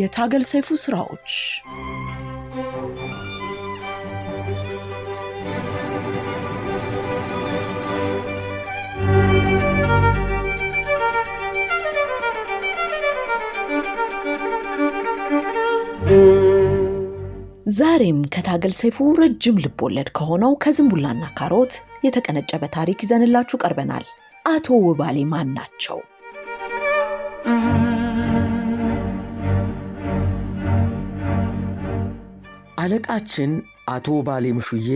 የታገል ሰይፉ ስራዎች ዛሬም ከታገል ሰይፉ ረጅም ልቦለድ ከሆነው ከዝንቡላና ካሮት የተቀነጨበ ታሪክ ይዘንላችሁ ቀርበናል። አቶ ውባሌ ማን ናቸው? አለቃችን አቶ ባሌ ምሹዬ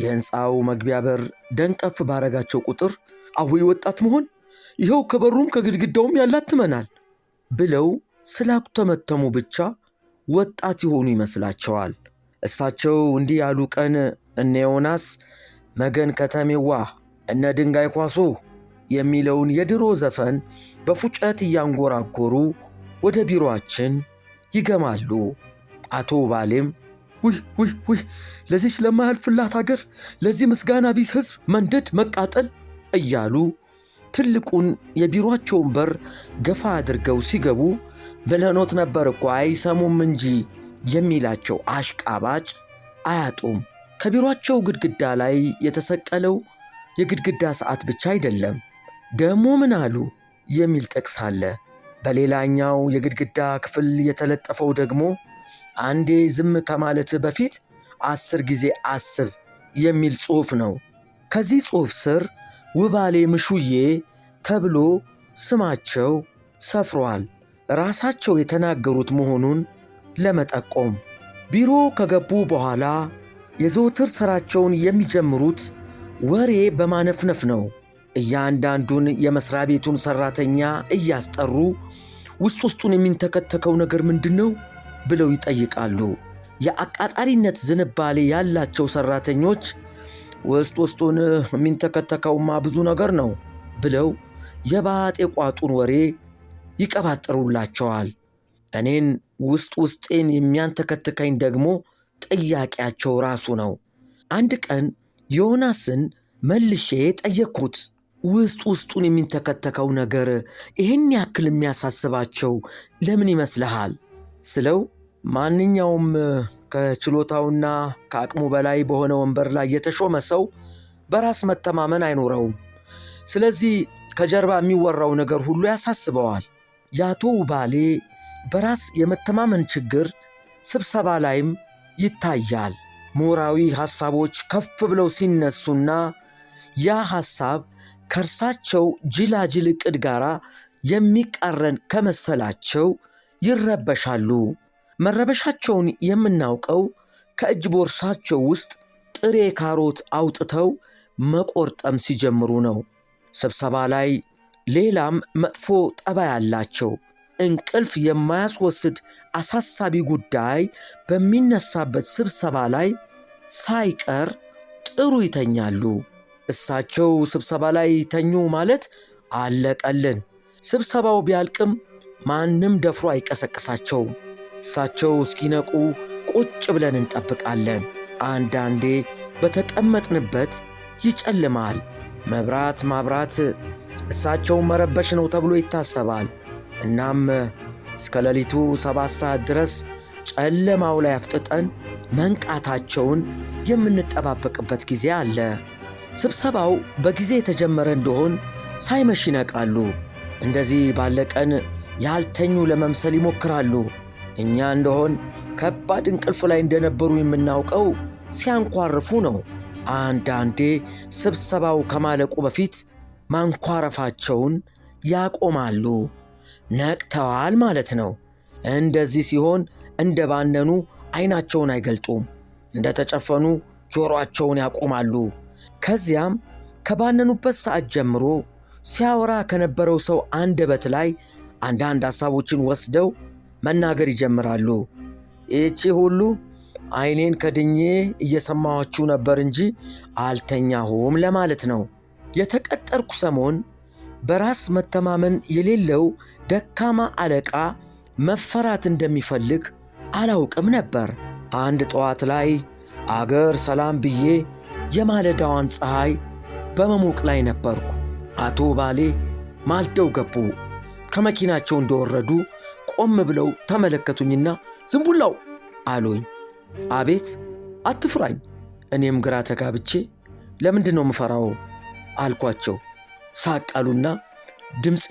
የሕንፃው መግቢያ በር ደንቀፍ ባረጋቸው ቁጥር አዊ ወጣት መሆን ይኸው ከበሩም ከግድግዳውም ያላትመናል ብለው ስላኩተመተሙ ብቻ ወጣት የሆኑ ይመስላቸዋል። እሳቸው እንዲህ ያሉ ቀን እነ ዮናስ መገን ከተሜዋ እነ ድንጋይ ኳሶ የሚለውን የድሮ ዘፈን በፉጨት እያንጎራጎሩ ወደ ቢሮአችን ይገማሉ። አቶ ባሌም ውይ ውይ ውይ! ለዚች ለማያልፍላት አገር፣ ለዚህ ምስጋና ቢስ ህዝብ መንደድ መቃጠል እያሉ ትልቁን የቢሮቸውን በር ገፋ አድርገው ሲገቡ ብለኖት ነበር እኮ አይሰሙም እንጂ የሚላቸው አሽቃባጭ አያጡም። ከቢሮቸው ግድግዳ ላይ የተሰቀለው የግድግዳ ሰዓት ብቻ አይደለም። ደሞ ምን አሉ የሚል ጥቅስ አለ። በሌላኛው የግድግዳ ክፍል የተለጠፈው ደግሞ አንዴ ዝም ከማለት በፊት አስር ጊዜ አስብ የሚል ጽሑፍ ነው። ከዚህ ጽሑፍ ስር ውባሌ ምሹዬ ተብሎ ስማቸው ሰፍሯል። ራሳቸው የተናገሩት መሆኑን ለመጠቆም ቢሮ ከገቡ በኋላ የዘወትር ሥራቸውን የሚጀምሩት ወሬ በማነፍነፍ ነው። እያንዳንዱን የመሥሪያ ቤቱን ሠራተኛ እያስጠሩ ውስጥ ውስጡን የሚንተከተከው ነገር ምንድን ነው ብለው ይጠይቃሉ። የአቃጣሪነት ዝንባሌ ያላቸው ሰራተኞች ውስጥ ውስጡን የሚንተከተከውማ ብዙ ነገር ነው ብለው የባጤ ቋጡን ወሬ ይቀባጥሩላቸዋል። እኔን ውስጥ ውስጤን የሚያንተከትከኝ ደግሞ ጥያቄያቸው ራሱ ነው። አንድ ቀን ዮናስን መልሼ ጠየቅኩት። ውስጥ ውስጡን የሚንተከተከው ነገር ይህን ያክል የሚያሳስባቸው ለምን ይመስልሃል? ስለው ማንኛውም ከችሎታውና ከአቅሙ በላይ በሆነ ወንበር ላይ የተሾመ ሰው በራስ መተማመን አይኖረውም። ስለዚህ ከጀርባ የሚወራው ነገር ሁሉ ያሳስበዋል። የአቶ ውባሌ በራስ የመተማመን ችግር ስብሰባ ላይም ይታያል። ምሁራዊ ሐሳቦች ከፍ ብለው ሲነሱና ያ ሐሳብ ከእርሳቸው ጅላጅል ዕቅድ ጋር የሚቃረን ከመሰላቸው ይረበሻሉ። መረበሻቸውን የምናውቀው ከእጅ ቦርሳቸው ውስጥ ጥሬ ካሮት አውጥተው መቆርጠም ሲጀምሩ ነው። ስብሰባ ላይ ሌላም መጥፎ ጠባይ ያላቸው እንቅልፍ የማያስወስድ አሳሳቢ ጉዳይ በሚነሳበት ስብሰባ ላይ ሳይቀር ጥሩ ይተኛሉ። እሳቸው ስብሰባ ላይ ተኙ ማለት አለቀልን። ስብሰባው ቢያልቅም ማንም ደፍሮ አይቀሰቅሳቸው። እሳቸው እስኪነቁ ቁጭ ብለን እንጠብቃለን። አንዳንዴ በተቀመጥንበት ይጨልማል። መብራት ማብራት እሳቸውን መረበሽ ነው ተብሎ ይታሰባል። እናም እስከ ሌሊቱ ሰባት ሰዓት ድረስ ጨለማው ላይ አፍጥጠን መንቃታቸውን የምንጠባበቅበት ጊዜ አለ። ስብሰባው በጊዜ የተጀመረ እንደሆን ሳይመሽ ይነቃሉ። እንደዚህ ባለ ቀን ያልተኙ ለመምሰል ይሞክራሉ። እኛ እንደሆን ከባድ እንቅልፍ ላይ እንደነበሩ የምናውቀው ሲያንኳርፉ ነው። አንዳንዴ ስብሰባው ከማለቁ በፊት ማንኳረፋቸውን ያቆማሉ። ነቅተዋል ማለት ነው። እንደዚህ ሲሆን እንደ ባነኑ አይናቸውን አይገልጡም፣ እንደ ተጨፈኑ ጆሮአቸውን ያቆማሉ። ከዚያም ከባነኑበት ሰዓት ጀምሮ ሲያወራ ከነበረው ሰው አንደበት ላይ አንዳንድ ሐሳቦችን ወስደው መናገር ይጀምራሉ። ይቺ ሁሉ አይኔን ከድኜ እየሰማኋችሁ ነበር እንጂ አልተኛሁም ለማለት ነው። የተቀጠርኩ ሰሞን በራስ መተማመን የሌለው ደካማ አለቃ መፈራት እንደሚፈልግ አላውቅም ነበር። አንድ ጠዋት ላይ አገር ሰላም ብዬ የማለዳዋን ፀሐይ በመሞቅ ላይ ነበርኩ። አቶ ባሌ ማልደው ገቡ። ከመኪናቸው እንደወረዱ ቆም ብለው ተመለከቱኝና ዝንቡላው አሉኝ። አቤት አትፍራኝ። እኔም ግራ ተጋብቼ ለምንድን ነው ምፈራው አልኳቸው። ሳቃሉና ድምፄ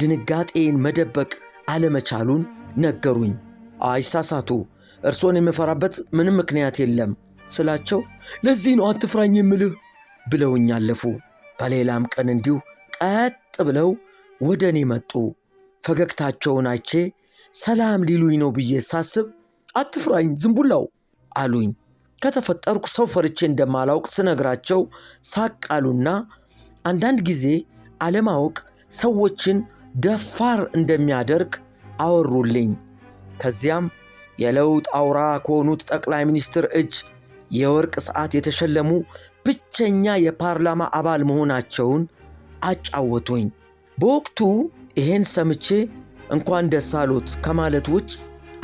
ድንጋጤን መደበቅ አለመቻሉን ነገሩኝ። አይሳሳቱ፣ እርሶን የምፈራበት ምንም ምክንያት የለም ስላቸው ለዚህ ነው አትፍራኝ የምልህ ብለውኝ አለፉ። በሌላም ቀን እንዲሁ ቀጥ ብለው ወደ እኔ መጡ። ፈገግታቸውን አይቼ ሰላም ሊሉኝ ነው ብዬ ሳስብ አትፍራኝ ዝንቡላው አሉኝ። ከተፈጠርኩ ሰው ፈርቼ እንደማላውቅ ስነግራቸው ሳቅ አሉና አንዳንድ ጊዜ አለማወቅ ሰዎችን ደፋር እንደሚያደርግ አወሩልኝ። ከዚያም የለውጥ አውራ ከሆኑት ጠቅላይ ሚኒስትር እጅ የወርቅ ሰዓት የተሸለሙ ብቸኛ የፓርላማ አባል መሆናቸውን አጫወቱኝ። በወቅቱ ይሄን ሰምቼ እንኳን ደስ አሎት ከማለት ውጭ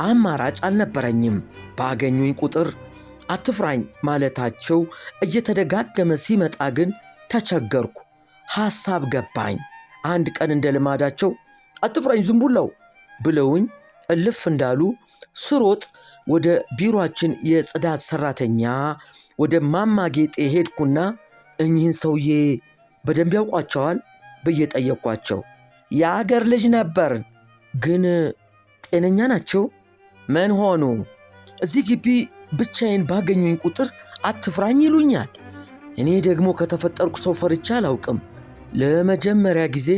አማራጭ አልነበረኝም። ባገኙኝ ቁጥር አትፍራኝ ማለታቸው እየተደጋገመ ሲመጣ ግን ተቸገርኩ። ሐሳብ ገባኝ። አንድ ቀን እንደ ልማዳቸው አትፍራኝ ዝንቡላው ብለውኝ እልፍ እንዳሉ ስሮጥ ወደ ቢሮአችን የጽዳት ሰራተኛ ወደ ማማጌጤ ሄድኩና እኚህን ሰውዬ በደንብ ያውቋቸዋል ብዬ ጠየቅኳቸው። የአገር ልጅ ነበር፣ ግን ጤነኛ ናቸው? ምን ሆኑ? እዚህ ግቢ ብቻዬን ባገኙኝ ቁጥር አትፍራኝ ይሉኛል። እኔ ደግሞ ከተፈጠርኩ ሰው ፈርቼ አላውቅም። ለመጀመሪያ ጊዜ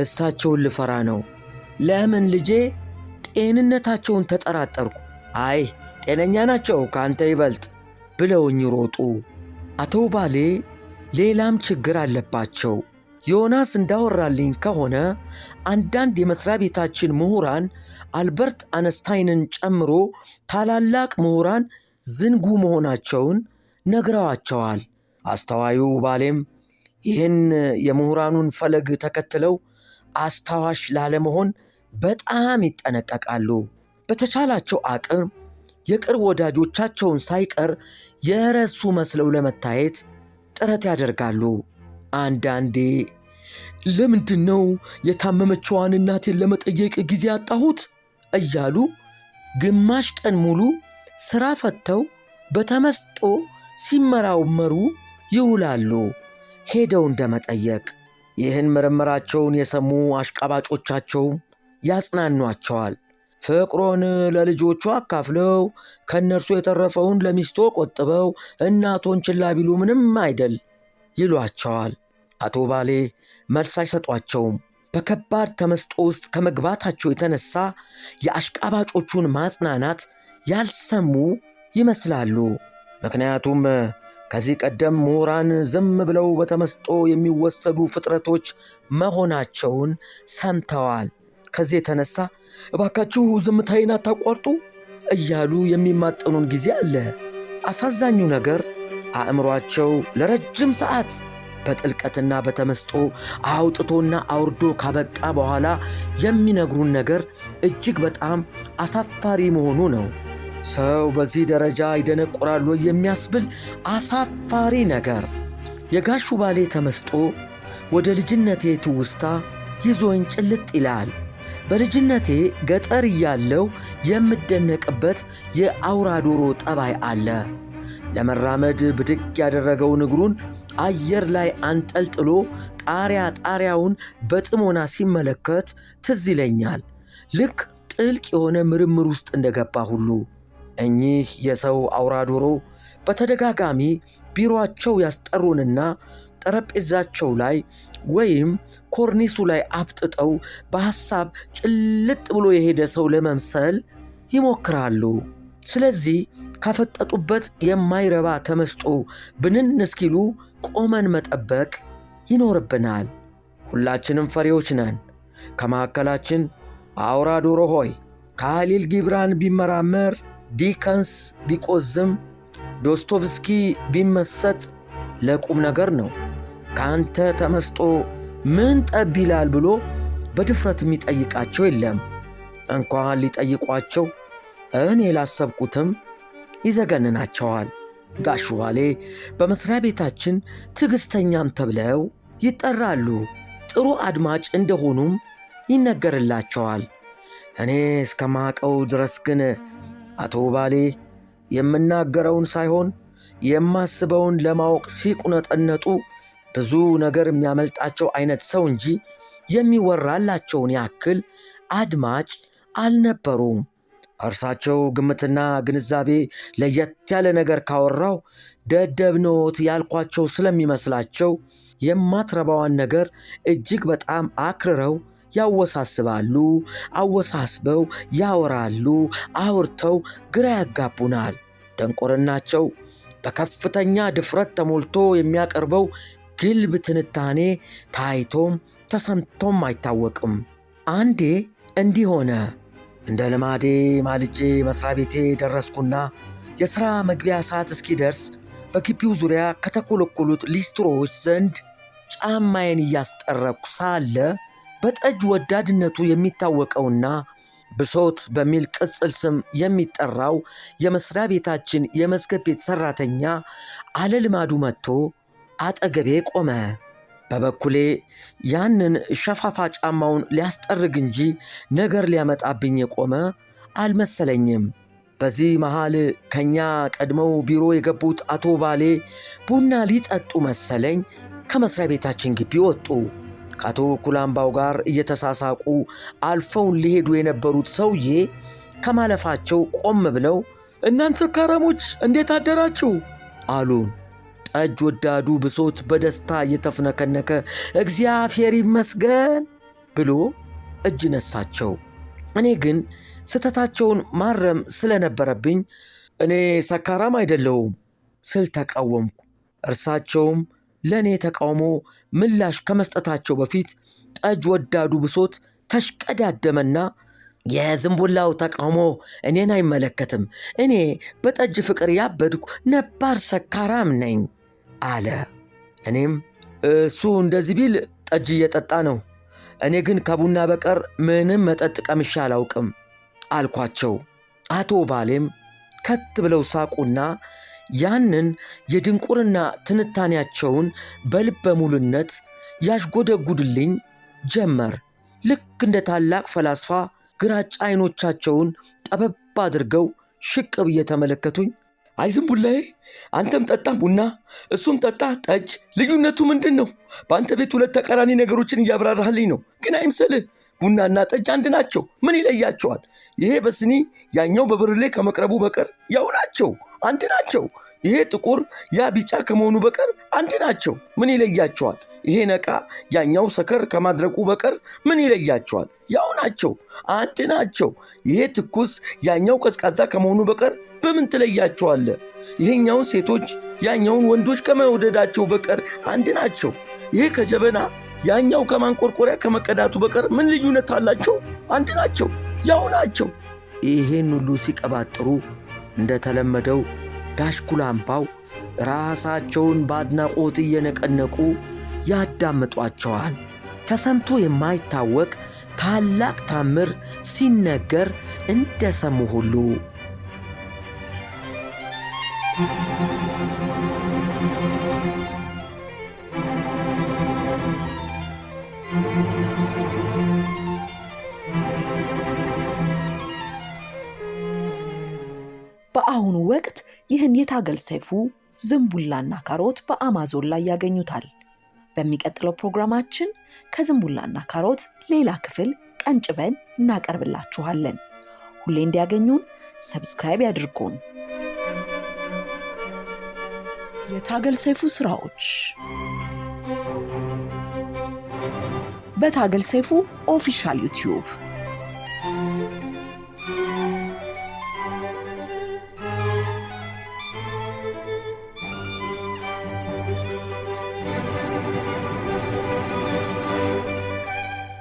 እሳቸውን ልፈራ ነው። ለምን ልጄ? ጤንነታቸውን ተጠራጠርኩ። አይ ጤነኛ ናቸው ከአንተ ይበልጥ ብለውኝ ሮጡ። አቶ ባሌ ሌላም ችግር አለባቸው ዮናስ እንዳወራልኝ ከሆነ አንዳንድ የመስሪያ ቤታችን ምሁራን አልበርት አነስታይንን ጨምሮ ታላላቅ ምሁራን ዝንጉ መሆናቸውን ነግረዋቸዋል። አስተዋዩ ባሌም ይህን የምሁራኑን ፈለግ ተከትለው አስታዋሽ ላለመሆን በጣም ይጠነቀቃሉ። በተቻላቸው አቅም የቅርብ ወዳጆቻቸውን ሳይቀር የረሱ መስለው ለመታየት ጥረት ያደርጋሉ። አንዳንዴ ለምንድን ነው የታመመችዋን እናቴን ለመጠየቅ ጊዜ አጣሁት? እያሉ ግማሽ ቀን ሙሉ ሥራ ፈተው በተመስጦ ሲመራመሩ ይውላሉ። ሄደው እንደመጠየቅ ይህን ምርምራቸውን የሰሙ አሽቃባጮቻቸውም ያጽናኗቸዋል። ፍቅሮን ለልጆቹ አካፍለው ከእነርሱ የተረፈውን ለሚስቶ ቆጥበው እናቶን ችላ ቢሉ ምንም አይደል ይሏቸዋል። አቶ ባሌ መልስ አይሰጧቸውም። በከባድ ተመስጦ ውስጥ ከመግባታቸው የተነሳ የአሽቃባጮቹን ማጽናናት ያልሰሙ ይመስላሉ። ምክንያቱም ከዚህ ቀደም ምሁራን ዝም ብለው በተመስጦ የሚወሰዱ ፍጥረቶች መሆናቸውን ሰምተዋል። ከዚህ የተነሳ እባካችሁ ዝምታዬን አታቋርጡ እያሉ የሚማጠኑን ጊዜ አለ። አሳዛኙ ነገር አእምሯቸው ለረጅም ሰዓት በጥልቀትና በተመስጦ አውጥቶና አውርዶ ካበቃ በኋላ የሚነግሩን ነገር እጅግ በጣም አሳፋሪ መሆኑ ነው። ሰው በዚህ ደረጃ ይደነቁራሉ የሚያስብል አሳፋሪ ነገር የጋሹ ባሌ ተመስጦ ወደ ልጅነቴ ትውስታ ይዞኝ ጭልጥ ይላል። በልጅነቴ ገጠር እያለው የምደነቅበት የአውራ ዶሮ ጠባይ አለ። ለመራመድ ብድግ ያደረገውን እግሩን አየር ላይ አንጠልጥሎ ጣሪያ ጣሪያውን በጥሞና ሲመለከት ትዝ ይለኛል። ልክ ጥልቅ የሆነ ምርምር ውስጥ እንደገባ ሁሉ እኚህ የሰው አውራ ዶሮ በተደጋጋሚ ቢሮአቸው ያስጠሩንና ጠረጴዛቸው ላይ ወይም ኮርኒሱ ላይ አፍጥጠው በሐሳብ ጭልጥ ብሎ የሄደ ሰው ለመምሰል ይሞክራሉ። ስለዚህ ካፈጠጡበት የማይረባ ተመስጦ ብንን እስኪሉ ቆመን መጠበቅ ይኖርብናል። ሁላችንም ፈሪዎች ነን። ከመካከላችን አውራ ዶሮ ሆይ ካሊል ጊብራን ቢመራመር፣ ዲከንስ ቢቆዝም፣ ዶስቶቭስኪ ቢመሰጥ ለቁም ነገር ነው። ከአንተ ተመስጦ ምን ጠብ ይላል ብሎ በድፍረት የሚጠይቃቸው የለም። እንኳን ሊጠይቋቸው እኔ ላሰብኩትም ይዘገንናቸዋል። ጋሽ ዋሌ በመስሪያ ቤታችን ትዕግሥተኛም ተብለው ይጠራሉ። ጥሩ አድማጭ እንደሆኑም ይነገርላቸዋል። እኔ እስከማቀው ድረስ ግን አቶ ባሌ የምናገረውን ሳይሆን የማስበውን ለማወቅ ሲቁነጠነጡ ብዙ ነገር የሚያመልጣቸው አይነት ሰው እንጂ የሚወራላቸውን ያክል አድማጭ አልነበሩም። ከእርሳቸው ግምትና ግንዛቤ ለየት ያለ ነገር ካወራው ደደብ ያልኳቸው ስለሚመስላቸው የማትረባዋን ነገር እጅግ በጣም አክርረው ያወሳስባሉ፣ አወሳስበው ያወራሉ፣ አውርተው ግራ ያጋቡናል። ደንቆርናቸው በከፍተኛ ድፍረት ተሞልቶ የሚያቀርበው ግልብ ትንታኔ ታይቶም ተሰምቶም አይታወቅም። አንዴ እንዲህ ሆነ። እንደ ልማዴ ማልጄ መስሪያ ቤቴ ደረስኩና የሥራ መግቢያ ሰዓት እስኪደርስ በግቢው ዙሪያ ከተኮለኮሉት ሊስትሮዎች ዘንድ ጫማዬን እያስጠረኩ ሳለ በጠጅ ወዳድነቱ የሚታወቀውና ብሶት በሚል ቅጽል ስም የሚጠራው የመስሪያ ቤታችን የመዝገብ ቤት ሠራተኛ አለልማዱ መጥቶ አጠገቤ ቆመ። በበኩሌ ያንን ሸፋፋ ጫማውን ሊያስጠርግ እንጂ ነገር ሊያመጣብኝ የቆመ አልመሰለኝም። በዚህ መሃል ከኛ ቀድመው ቢሮ የገቡት አቶ ባሌ ቡና ሊጠጡ መሰለኝ ከመስሪያ ቤታችን ግቢ ወጡ። ከአቶ ኩላምባው ጋር እየተሳሳቁ አልፈውን ሊሄዱ የነበሩት ሰውዬ ከማለፋቸው ቆም ብለው እናንተ ሰካራሞች እንዴት አደራችሁ አሉን። ጠጅ ወዳዱ ብሶት በደስታ እየተፍነከነከ እግዚአብሔር ይመስገን ብሎ እጅ ነሳቸው። እኔ ግን ስህተታቸውን ማረም ስለነበረብኝ እኔ ሰካራም አይደለውም ስል ተቃወምኩ። እርሳቸውም ለእኔ ተቃውሞ ምላሽ ከመስጠታቸው በፊት ጠጅ ወዳዱ ብሶት ተሽቀዳደመና የዝንቡላው ተቃውሞ እኔን አይመለከትም። እኔ በጠጅ ፍቅር ያበድኩ ነባር ሰካራም ነኝ አለ። እኔም እሱ እንደዚህ ቢል ጠጅ እየጠጣ ነው፣ እኔ ግን ከቡና በቀር ምንም መጠጥ ቀምሻ አላውቅም አልኳቸው። አቶ ባሌም ከት ብለው ሳቁና ያንን የድንቁርና ትንታኔያቸውን በልበ ሙሉነት ያሽጎደጉድልኝ ጀመር። ልክ እንደ ታላቅ ፈላስፋ ግራጫ አይኖቻቸውን ጠበብ አድርገው ሽቅብ እየተመለከቱኝ አይዝም ቡላዬ፣ አንተም ጠጣ ቡና፣ እሱም ጠጣ ጠጅ። ልዩነቱ ምንድን ነው? በአንተ ቤት ሁለት ተቃራኒ ነገሮችን እያብራራህልኝ ነው። ግን አይምሰልህ፣ ቡናና ጠጅ አንድ ናቸው። ምን ይለያቸዋል? ይሄ በስኒ ያኛው በብርሌ ከመቅረቡ በቀር ያው ናቸው፣ አንድ ናቸው። ይሄ ጥቁር ያ ቢጫ ከመሆኑ በቀር አንድ ናቸው። ምን ይለያቸዋል? ይሄ ነቃ ያኛው ሰከር ከማድረቁ በቀር ምን ይለያቸዋል? ያው ናቸው፣ አንድ ናቸው። ይሄ ትኩስ ያኛው ቀዝቃዛ ከመሆኑ በቀር በምን ትለያቸዋለ? ይሄኛውን ሴቶች ያኛውን ወንዶች ከመውደዳቸው በቀር አንድ ናቸው። ይሄ ከጀበና ያኛው ከማንቆርቆሪያ ከመቀዳቱ በቀር ምን ልዩነት አላቸው? አንድ ናቸው፣ ያው ናቸው። ይሄን ሁሉ ሲቀባጥሩ እንደተለመደው ጋሽ ኩላምፓው ራሳቸውን በአድናቆት እየነቀነቁ ያዳምጧቸዋል። ተሰምቶ የማይታወቅ ታላቅ ታምር ሲነገር እንደ ሰሙ ሁሉ በአሁኑ ወቅት ይህን የታገል ሰይፉ ዝንቡላና ካሮት በአማዞን ላይ ያገኙታል። በሚቀጥለው ፕሮግራማችን ከዝንቡላና ካሮት ሌላ ክፍል ቀንጭበን እናቀርብላችኋለን። ሁሌ እንዲያገኙን ሰብስክራይብ ያድርጉን። የታገል ሰይፉ ስራዎች በታገል ሰይፉ ኦፊሻል ዩቲዩብ